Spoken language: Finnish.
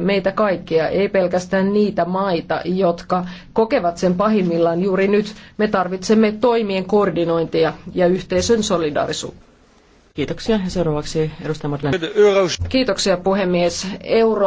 meitä kaikkia, ei pelkästään niitä maita, jotka kokevat sen pahimmillaan juuri nyt. Me tarvitsemme toimien koordinointia ja yhteisön solidaarisuutta. Kiitoksia. Seuraavaksi edustaja Kiitoksia puhemies. Euro